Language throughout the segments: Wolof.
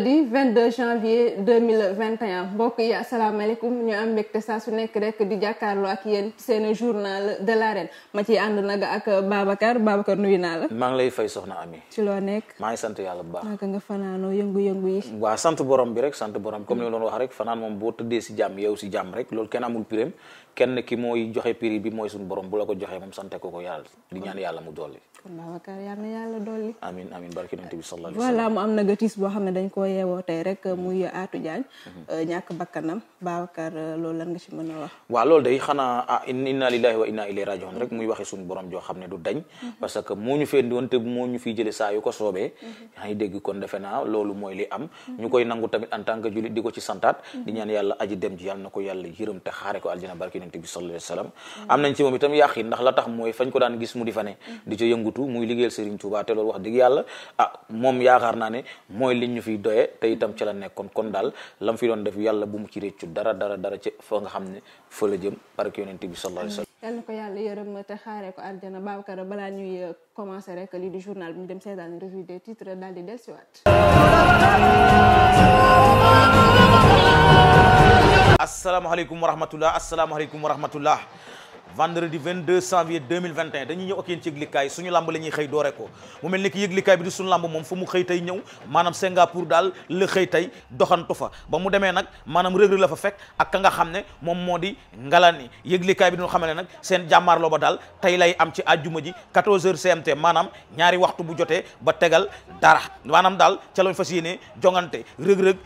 mercredi 22 janvier 2021 mbokk yi asalaamaaleykum ñu am mbégte saa su nekk rek di jàkkaarloo ak yéen seen journal de l'arène ma ciy ànd nag ak Babacar Babacar nuyu naa la. maa ngi lay fay soxna Ami. ci loo nekk. maa ngi sant yàlla bu baax. naka nga fanaanoo yëngu-yëngu yi. waa sant borom bi rek sant borom comme ni ma doon wax rek fanaan moom boo tëddee si jàmm yow si jàmm rek loolu kenn amul prime kenn ki mooy joxe prix bi mooy suñu borom bu la ko joxee moom sante ko ko yàlla di ñaan yàlla mu dolli. Babacar yal na yàlla dolli. amin wa sallam voilà mu am xam ne dañ koo yeewoo tey rek euh, muy Atou Diagne. Euh, ñàkk bakkanam Babacar euh, loolu lan nga ci mën a wax. waaw loolu day xanaa ah inna wa inna ilayhi rajiun borom joo xam ne du dañ. parce que moo ñu fendi woon te moo ñu fiy jëlee saa yu ko soobee. yaa ngi dégg kon defe naa loolu mooy li am. ñu koy nangu tamit en tant que jullit di ko ci santaat. di ñaan yàlla aji dem yàlla na te xaare ko aljana barki nabi bi sallallahu alayhi am nañ ci moom itam yàqin ndax la tax mooy fañ ko daan gis mu di fa ne di ci yëngu yëngatu muy liggéeyal Serigne Touba te wax dëgg yàlla ah moom yaakaar naa ne mooy liñ ñu fiy doye te itam ci la nekkoon kon daal lam fi doon def yàlla bu mu ci réccu dara dara dara ci fa nga xam ne fa la jëm barke yonente bi sallallahu alayhi wa sallam ko yàlla yërëm te xaaree ko àjjana Babacar euh, commencé rek lii di journal bi ñu dem seetaan revue des titres daal di dellusiwaat asalaamaaleykum wa asalaamaaleykum wa rahmatullah vendredi 22 janvier 2021 dañuy ñëw ak yéen ci yëglikaay suñu lamb la ñuy xëy doore ko mu mel ni ki yëglikaay bi di suñu lamb moom fu mu xëy tey ñëw maanaam Singapour daal la xëy tey doxantu fa ba mu demee nag maanaam Reug Reug la fa fekk ak ka nga xam ne moom moo di Ngalani yëglikaay bi ñu xamal ne nag seen jàmmaarloo ba daal tey lay am ci àjjuma ji 14h CMT maanaam ñaari waxtu bu jotee ba tegal dara maanaam daal ca lañ fas yéenee jongante Reug Reug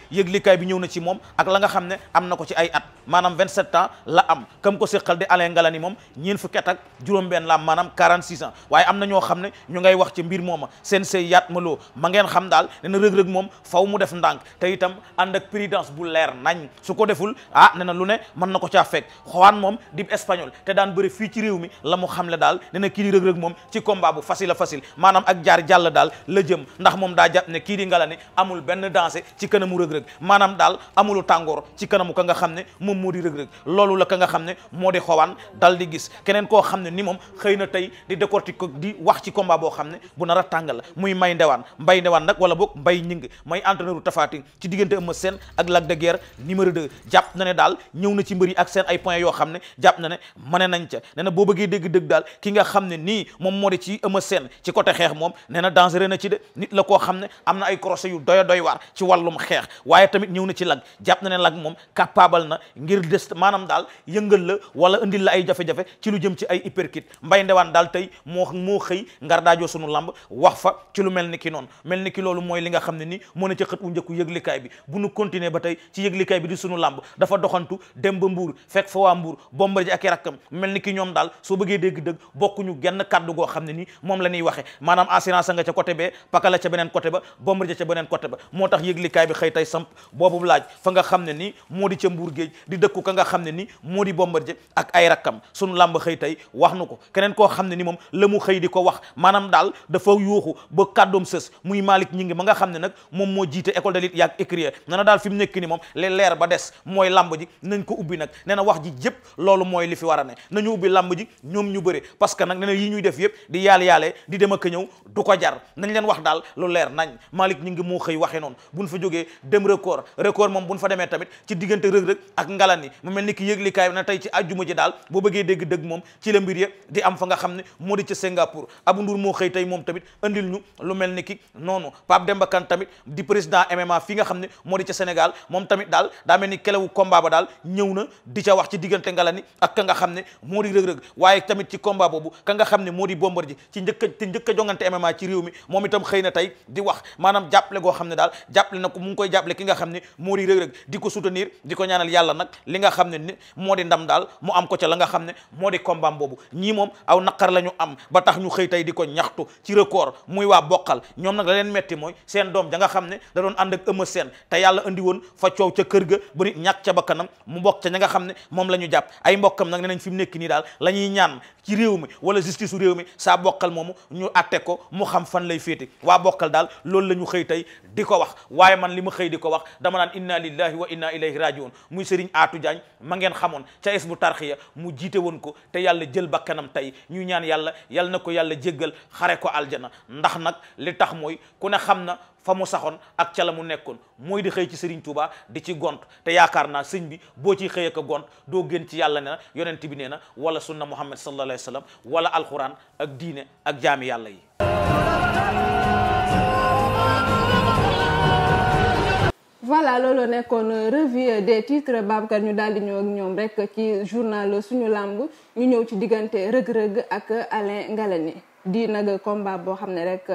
bi ñëw na ci moom ak la nga xam ne am na ko ci ay at maanaam 27 ans la am kam ko séqal di Alain Ngalani moom ñeen fukki at ak juróom-benn la am maanaam 46 ans waaye am na ñoo xam ne ñoo ngay wax ci mbir mooma seen sey yaat ma loo ma ngeen xam daal ne na rëg-rëg moom faw mu def ndànk te itam ànd ak prudence bu leer nañ su ko deful ah ne na lu ne mën na ko caa fekk xawaan moom dib espagnol te daan bëri fii ci réew mi la mu xam le daal ne na kii di rëg-rëg moom ci combat bu facile a facile maanaam ak jaar jàll daal la jëm ndax moom daa jàpp ne kii di Ngalani amul benn dansé ci kanamu rëg-rëg maanaam daal amulu tàngoor ci kanamu ka nga xam moom moo di rëg-rëg loolu la ka nga xam ne moo di xowaan dal di gis keneen koo xam ne ni moom xëy na tey di décortiquer di wax ci combat boo xam ne bu nar a la muy may ndewaan mbay ndewaan nag wala boog mbay ñing may entraîneur u Tafatin ci diggante Eumeu Sène ak Lac de Guiers numéro 2 jàpp na ne daal ñëw na ci mbër yi ak seen ay points yoo xam ne jàpp na ne mane nañ ca ne na boo bëggee dégg dëgg daal ki nga xam ne nii moom moo di ci Eumeu Sène ci côté xeex moom ne na dangereux na ci de nit koo xam ne am na ay crochet yu doy doy waar ci xeex waaye tamit ñëw na ci Lac jàpp na ngir des maanaam daal yëngal la wala indil la ay jafe-jafe ci lu jëm ci ay uppercut mbay ndewaan daal tey moo moo xëy ngar daajoo sunu lamb wax fa ci lu mel ni ki noonu mel ni ki loolu mooy li nga xam ne ni moo ne ci xët bi bu nu continuer ba tey ci yëglikaay bi di sunu lamb dafa doxantu dem ba mbuur fekk fa waa mbuur bombardier ak mel ni ki ñoom daal soo bëggee dégg-dëgg bokkuñu genn kàddu goo xam ne ni moom la ñuy waxe maanaam assurance nga ca côté bee paka beneen côté ba bombardier ca beneen côté ba moo tax yëglikaay bi xëy tey samp boobu laaj fa nga xam ne ni moo di ca mbuur géej di dëkku ka nga xam ne ni moo di Bombardier ak ay rakkam sunu làmb xëy tey wax nu ko keneen koo xam ne ni moom la mu xëy di ko wax maanaam daal dafa yuuxu ba kàddoom sës muy Malick ñi moom moo leer ba des mooy làmb ji nañ ko ubbi nag nee na wax ji yëpp loolu mooy li fi war a ne nañu ubbi làmb ji ñoom ñu bëre parce que nag nee na yi ñuy def yëpp di yaal yaalee di dem ak ñëw du ko jar nañ leen wax daal lu leer nañ Malick ñi moo xëy waxee noonu buñ fa jógee dem ngalani mu mel ni ki yëglikaay bi na tey ci ajjuma ji daal boo bëggee dégg dëgg moom ci la mbir ya di am fa nga xam ne moo di ca Singapour Abou Ndour moo xëy tey moom tamit ni ki noonu Pape Demba Kane tamit di président MMA fi nga xam ne moo di ca Sénégal moom tamit daal daa mel ni kelewu combat ba daal ñëw na di ca wax ci diggante ngalani ak ka nga xam ne moo di rëg-rëg waaye tamit ci combat boobu ka nga xam ne moo di Bombardier ci njëkka ci njëkka jongante MMA ci réew mi moom itam xëy na tey di wax maanaam jàppale goo xam ne daal jàppale na ko mu koy jàppale ki nga xam ne moo di rëg-rëg di ko li nga xam ne ni moo di ndam daal mu am ko ca la nga xam ne moo di combat boobu ñii moom aw naqar la ñu am ba tax ñu xëy tey di ko ñaxtu ci record muy waa bokkal ñoom nag la leen metti mooy seen doom ja nga xam ne da doon ànd ak Eumeu Sène te yàlla andi woon fa coow ca kër ga ba nit ñàkk ca bakkanam mu bokk ca ña nga xam ne moom la ñu jàpp ay mbokkam nag ne nañ fi mu nekk nii daal la ñuy ñaan ci réew mi wala justice u réew mi saa bokkal moomu ñu atte ko mu xam fan lay féete waa bokkal daal loolu la ñu xëy tey di ko wax waaye man li ma xëy di ko wax dama naan inna lillahi wa inna ilayhi rajiun muy Atou Diagne ma ngeen xamoon ca es bu tarxiya mu jiite woon ko te yàlla jël bakkanam tey ñuy ñaan yàlla yal na ko yàlla jéggal xare ko aljana ndax nag li tax mooy ku ne xam na fa mu saxoon ak ca la mu nekkoon mooy di xëy ci Serigne Touba di ci gont te yaakaar naa sëñ bi boo ciy xëy ko a gont doo gën ci yàlla ne na yonent bi nee na wala sunna Muhammad sallallahu alayhi wa sallam wala alquran ak diine ak jaami yàlla yi voilà loolu nekkoon revue des titres Babacar ñu daal di ñëw ak ñoom rek ci journal suñu làmb ñu ñëw ci diggante rëg-rëg ak Alain Ngalani di nag combat boo xam ne rek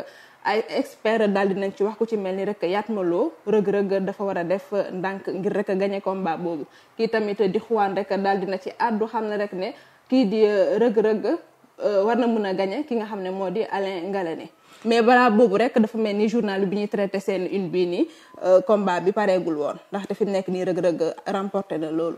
ay expert daal di nañ ci wax ku ci mel ni rek Yatmaloo rëg-rëg dafa war a def ndànk ngir rek gañe combat boobu kii tamit di xuwaan rek daal dina ci àddu xam ne rek ne kii di rëg-rëg euh, war na mën a gagné ki nga xam ne moo di Alain Ngalani mais balaa boobu rek dafa mel ni journal bi ñuy traité seen une bii nii euh, combat bi pareegul woon ndax fi nekk nii rëg-rëg remporté na loolu.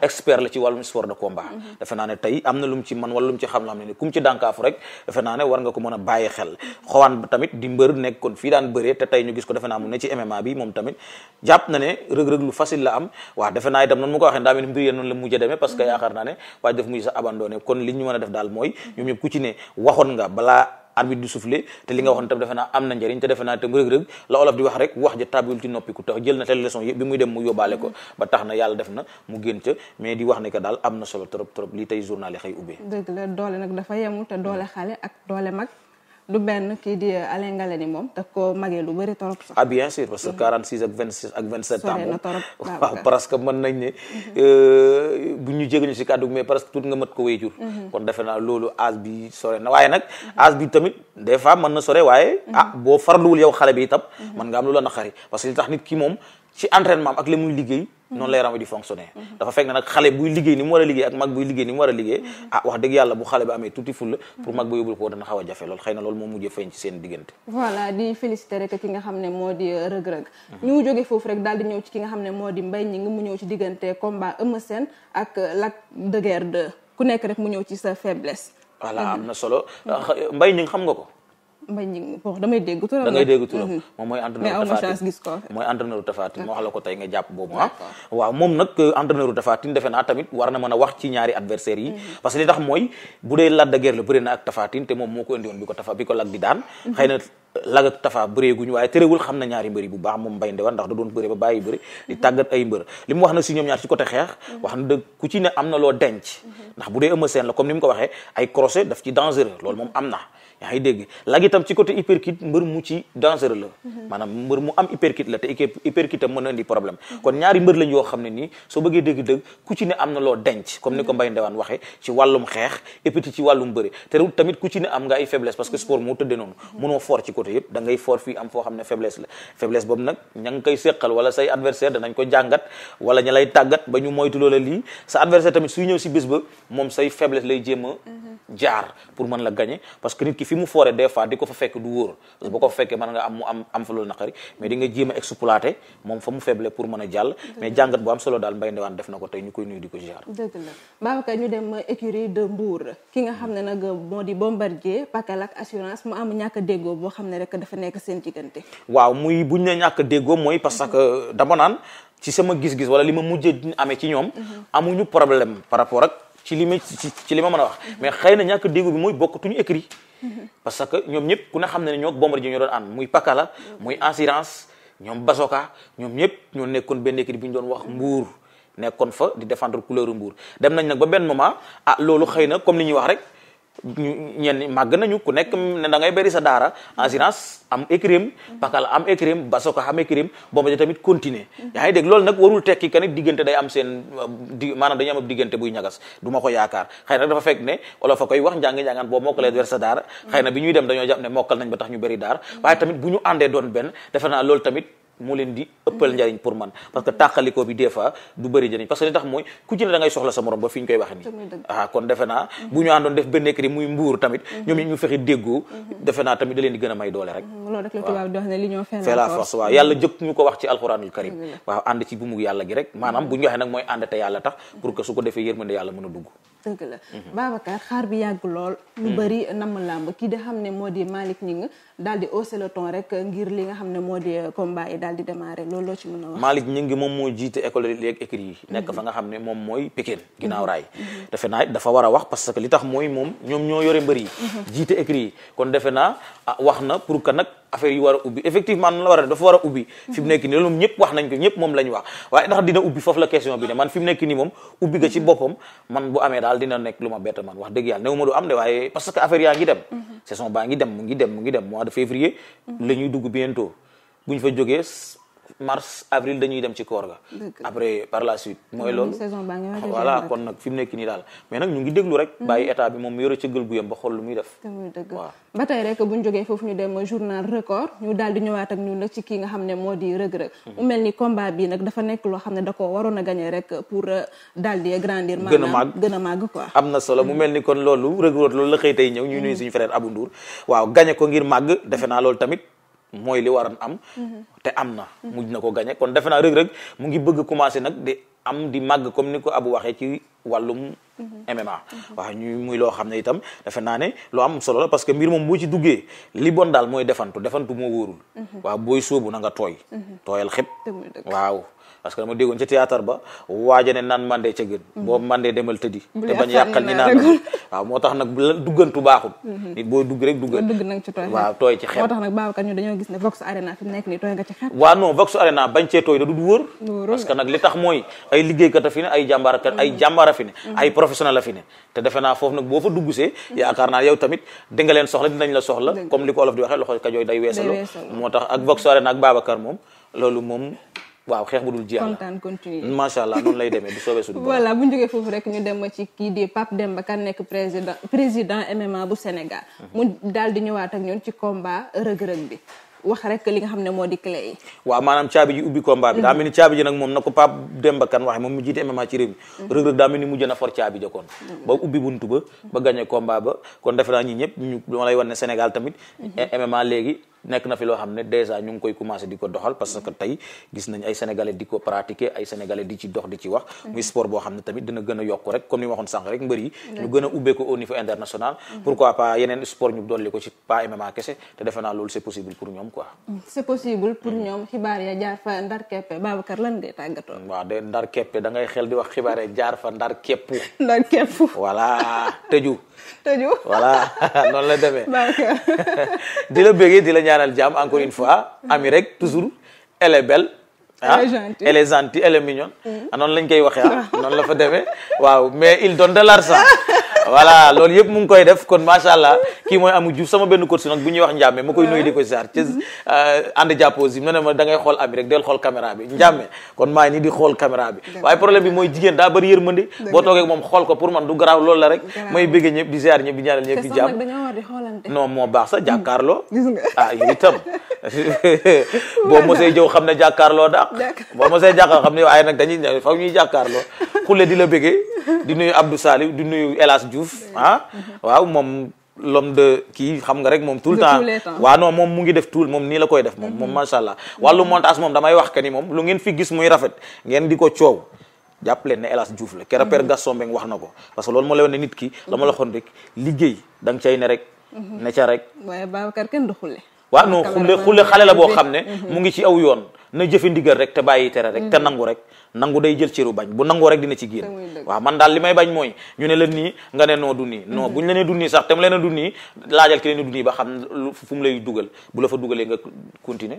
expert la ci wàllum sport de combat defe naa ne tey am na lu ci man wala ci xam loo xam ne ni ci dànkaafu rek defe naa ne war nga ko mën a bàyyi xel xawaan tamit di mbër nekk kon fii daan bëree te tey ñu gis ko defe naa ne ci MMA bi moom tamit jàpp na ne rëg-rëg lu facile la am waaw defe naa itam noonu mu ko waxee ndaa mel mbir yéen noonu la mujjee demee parce que yaakaar naa ne waaye daf mujj sa abandonné kon li ñu mën a def daal mooy ñoom ñëpp ku arbitre du soufflé te li nga waxoon tam defe naa am na njëriñ te defe naa tam rëg-rëg la olof di wax rek wax ja tabiul ci noppi tax jël na te leçon yi bi muy dem mu yóbbaale ko ba tax na yàlla def na mu génn ca mais di wax ne daal am na solo trop trop lii tey journal yi xëy ubbee doole nag dafa yemul te doole xale ak doole mag du benn kii di euh, Alain Ngalani moom daf ko magee lu bëri torop sax. ah bien sûr parce que 46 mm-hmm. ak 26 ak 27 ans moom waaw presque mën nañ ne mm-hmm. euh, bu ñu jégaluñu si kàddu mais presque tuut nga mat ko wéy jur. Mm-hmm. kon defe naa loolu âge bi sore na waaye nag âge bi tamit des fois mën na sore waaye ah boo luul yow xale bi itam mën nga am lu la naqari parce que li tax nit ki moom ci entraînement ak li muy liggéey noonu la yaram wi di fonctionner dafa fekk na nag xale buy liggéey ni mu war a liggéey ak mag buy liggéey ni mu war a liggéey mhm. ah wax dëgg yàlla bu xale bi amee tuuti fulla mhm. pour mag ba yóbbul ko dana xaw a jafe lool xëy na loolu moo mujjee feeñ ci seen diggante voilà di féliciter rek ki nga xam ne moo di euh, rëg-rëg mhm. ñu mu foofu rek daal di ñëw ci ki nga xam ne moo di Mbaye nga mu ñëw ci diggante combat Eumeu Sène ak euh, Lac de ku nekk rek mu ñëw ci sa faiblesse voilà am na solo Mbaye Gningue xam nga ko Mbaye bon damay dégg turam da ngay dégg turam mhm. moom mooy entraîneur Tapha Tine gis ko mooy entraîneur Tapha Tine moo wax la ko tey nga jàpp boobu ah waaw moom nag euh, entraîneur Tapha defe naa tamit war na man a wax ci ñaari adversaires yi mhm. parce que li tax mooy bu dee Lac de la bëri na ak Tapha te moom moo ko indi woon bi ko Tapha bi ko Lac di daan mhm. xëy na euh, Lac ak Tapha bëree guñu waaye terewul xam na ñaari mbëri bu baax moom Mbaye Ndewane ndax da doon bëri ba bàyyi bëri di tàggat wax na si ñoom ñaar ci côté xeex wax na dëgg ku ci am na loo denc ndax bu dee Eumeu Sène la comme waxee ay crochet ci dangereux loolu moom am na yaa ngi dégg lak itam ci côté hyperkit mbër mu ci dangereux la maanaam mbër mu am hyperkit la te hyperkit am mën a indi problème kon ñaari mbër lañ yoo xam ne nii soo bëggee dégg-dëgg ku ci ne am na loo denc comme ni ko Mbaye Ndewane waxee ci wàllum xeex et puis ci wàllum bëri te tamit ku ci ne am nga ay faiblesse parce que sport moo tëddee noonu mënoo fort ci côté yëpp da ngay fort fii am foo xam ne faiblesse la faiblesse boobu nag ña koy séqal ko jàngat wala lay tàggat ba ñu moytu loola lii sa adversaire tamit suy ñëw si bés ba moom say faiblesse lay jéem a mm-hmm. jaar pour mën la gagner fi mu foore des fois di ko fa fekk du wóor parce que boo ko fa fekkee mën nga am mu am am fa loolu naqari mais di nga jéem a exploiter moom fa mu faible pour mën a jàll mais jàngat bu am solo daal Mbaye def na ko tey ñu koy nuyu di ko ziar dëgg la Babacar ñu dem écurie de Mbour ki nga xam ne nag moo di Bombardier Pakal ak assurance mu am ñàkk déggoo boo xam ne rek dafa nekk seen diggante waaw muy buñ ne ñàkk déggoo mooy parce que dama naan ci sama gis-gis wala li ma mujjee amee ci ñoom mhm. amuñu problème par rapport ak ci li ma ci li ma mën a wax mais xëy na ñàkk déggu bi mooy bokkatuñu écrit parce que ñoom ñëpp ku ne xam ne ne ñoo Bombardier ñoo doon an muy pakala muy assurance ñoom basoka ñoom ñëpp ñoo nekkoon benn écrit bi ñu doon wax mbuur nekkoon fa di défendre couleur mbuur dem nañ nag ba benn moment a ah loolu xëy na comme li ñuy wax rek ñu ñenn màgg nañu ku nekk ne ngay bëri sa daara assurance am écrim pakal am écrim basoka am écrim booba tamit continuer yaa ngi dégg loolu nag warul tekki que diggante day am seen di maanaam dañu am diggante buy ñagas du ma ko yaakaar xëy na dafa fekk ne olof fa koy wax njàng-njàngaan boo mokkalee wer sa daara xëy na bi ñuy dem dañoo jàpp ne mokal nañ ba tax ñu bëri daara waaye tamit bu ñu àndee doon ben defe naa loolu tamit moo leen di ëppal njariñ pour man parce que tàqalikoo bi des fois du bëri njariñ parce que li tax mooy ku ci ne da ngay soxla sa morom ba fi ñu koy waxe nii ah kon defe naa bu ñu àndoon def benn écrit muy mbuur tamit ñoom ñi ñu fexe déggoo mhm. defe naa tamit da leen di gën a may doole rek mhm, loolu rek la tubaab di wax ne li ñoo fait la force waaw yàlla mhm. jëkk ñu ko wax ci alxuraanul karim waaw ànd ci bu mu yàlla gi rek maanaam bu ñu waxee mooy ànd te yàlla tax pour que su ko defee yërmande yàlla mën dëgg la mhm. Babacar xaar bi yàgg lool ñu mhm. bëri namm làmb kii di xam ne moo di Malick Ning daal di hausser le ton rek ngir li nga xam ne moo di combat yi daal di démarrer loolu loo ci mën a wax Malick Ning moom moo jiite école léegi écrit yi nekk mhm. fa nga xam ne moom mooy Pikine ginnaaw raay defe naa dafa war wax parce que li tax mooy moom ñoom ñoo yore mbër jiite écrit yi kon defe naa ah wax na pour que nag affaire yi war a ubbi effectivement noonu la war a dafa war a ubbi fi mu nekk nii loolu moom ñëpp wax nañ ko ñëpp moom la wax waaye ndax dina ubbi foofu la question bi man fi mu nii moom ubbi ga ci boppam man bu amee daal dina nekk lu ma wax dëgg yàlla néew ma du am de waaye parce que affaire yaa ngi dem mhm. saison baa ngi dem mu ngi dem mois de février mhm. la ñuy dugg bientôt buñ fa jógee mars avril dañuy dem ci koor ga après par la suite mooy loolu kon nag fi mu nekk nii daal mais nag ñu ngi déglu rek bàyyi mm-hmm. état bi moom mu yore cëggal guyam ba xool lu muy def waaw ba tey rek di ñëwaat ak ñun nag ci kii xam ne moo di rëg-rëg mm-hmm. mu mel ni combat bi nag dafa nekk loo xam ne da ko waroon a gagné rek pour euh, daal di grandir gën a màgg gën a màgg am na solo mu mm-hmm. mel ni kon loolu rëg-rëg loolu la xëy tey ñëw ñu nuyu suñu frère Abou Ndour waaw gagné ko ngir màgg defe naa loolu tamit mooy li waran am te am na mujj na ko gañe kon defe naa rëg-rëg mu ngi bëgg commencé nag di am di màgg comme ni ko abu waxee ci wàllum MMA mhm. waaw muy loo xam ne itam defe naa ne lu am solo la parce que mbir moom boo ci duggee li bon daal mooy defantu defantu moo wóorul mhm. waaw booy sóobu na nga tooy mhm. tooyal xëpp waaw parce que dama déggoon ci théâtre ba waaja ne naan mandee ca gën boo mandee demal tëddi te bañ yàqal ñi naan waaw moo tax nag duggantu baaxul nit booy dugg rek dugg nag ci tooy ci xeet waa no Vox Arena bañ cee tooy da du wër parce que nag li tax mooy ay liggéeykat a fi ay jàmbaar mm-hmm. ay jàmbaar a fi mm-hmm. ay professionnel a fi te defe naa foofu nag boo fa duggsee mm-hmm. yaakaar naa yow tamit di nga leen soxla dinañ la soxla comme li ko olof di waxee moo tax ak Vox Arena ak Babacar moom loolu moom waaw xeex bu dul jeex la kontaan continuer macha allah noonu lay demee du soobee suñu voilà bu ñu jógee foofu rek ñu dem ci kii di Pape Demba Kane nekk président président MMA bu Sénégal mu daal di ñëwaat ak ñoon ci combat rëg-rëg bi wax rek li nga xam ne moo di clé yi waaw maanaam caabi ji ubbi combat bi daa mel ni ji nag moom na ko Pape Demba Kane waxee moom mu jiite MMA ci réew mi mm-hmm. rëg-rëg daa mel ni mujj na for caabi ja kon mm-hmm. ba ubbi buntu ba ba gagné combat ba kon defe naa ñi ñëpp ñu ma lay wan ne Sénégal tamit MMA mm-hmm. léegi nekk na fi xam ne déjà ñu koy commencé di ko doxal parce que tey gis nañ ay sénégalais di ko pratiquer ay sénégalais di ci dox di ci wax mm-hmm. muy sport boo xam ne tamit dina gën a yokk rek comme ni waxoon sànq rek mbër mm-hmm. ñu gën a ubbee ko au niveau international mm-hmm. pourquoi pas yeneen sport ñu dolli ko ci pas MMA kese te defe loolu c'est possible pour ñoom quoi c'est possible pour ñoom xibaar ya jaar fa ndar keppe Babacar la demee di la bëggee ñaanal jàmm encore une fois mm-hmm. ami rek toujours elle est belle ah elle est elle est mignonne mm-hmm. ah, lañ koy waxee ah noonu la fa demee waaw mais il donne de l'argent voilà loolu yëpp mu ngi koy def kon macha allah kii mooy amu Diouf sama benn coach nag bu ñuy wax njàmme ma koy nuyu di ko ziar mm-hmm. ci euh, ànd jàppoo si mu ne ngay xool ami rek del xool caméra bi kon maa ngi nii di xool caméra bi waaye problème bi mooy jigéen daa bëri yërmande boo toogee moom xool ko pour man du garaaw loolu la rek may bëggee ñëpp di ziar ñëpp ñëpp di jàmm non moo baax sax jàkkaarloo mm. ah yow itam boo mosee jëw xam ne jàkkaarloo daq boo mosee jàkkaarloo xam ne waaye nag dañuy faw ñuy jàkkaarloo xulle di la bëggee di nuyu Abdou di nuyu El Diouf ah waaw moom l'homme de kii xam nga rek moom tout le temps waaw non moom mu ngi def tout moom nii la koy def moom moom mhm. macha allah wàllu montage moom damay wax que ni moom lu ngeen fi gis muy rafet ngeen di ko coow jàpp leen ne El Hadj Diouf la kera mhm. père Gaston Mbengue wax na ko parce que loolu moo lay wane nit ki la ma la waxoon liggéey da nga cay ne rek mhm. ne ca rek waaye waaw non xulle xale la boo xam ne mu ngi ci aw yoon na jëfe ndigal rek te bàyyi tere rek te mm-hmm. nangu rek nangu day jël cëru bañ bu nangoo rek dina ci génn waa man daal li may bañ mooy ñu ne la nii nga ne noo du nii non mm-hmm. bu la nee du nii sax te mu leen du nii laajal ki leen du nii ba xam fu mu lay dugal bu la fa dugalee nga continuer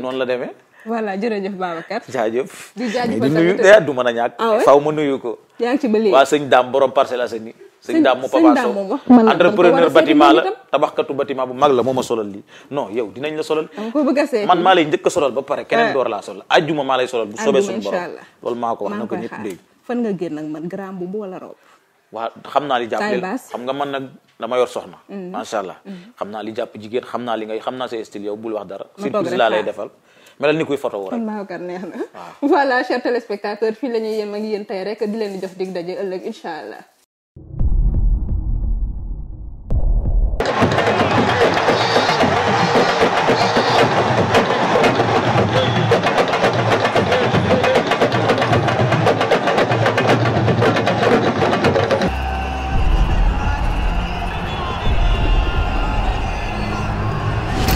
noonu la demee voilà jërëjëf Babacar jaajëf di nuyu ah, du man a ñàkk ah faw ma nuyu ko yaa ngi ci ba léegi waa sëñ daam borom Parcelles Assainies sëñ daam mu papa ma solal lii non yow dinañ la solal man maa lay njëkk a solal ba pare keneen door laa solal ajjuma maa lay solal bu soobee suñu na ko ñëpp dégg fan nga génn ak man grand bu bu wala robe waaw xam naa li jàppale la xam nga man nag dama yor soxna mm. macha allah mm. xam naa li jàpp jigéen xam naa li ngay xam naa say style yow bul wax dara surprise laa lay defal melal ni kuy photo woo rek maakar neex na voilà chers téléspectateurs fii la ñuy tey rek di leen jox dig daje ëllëg allah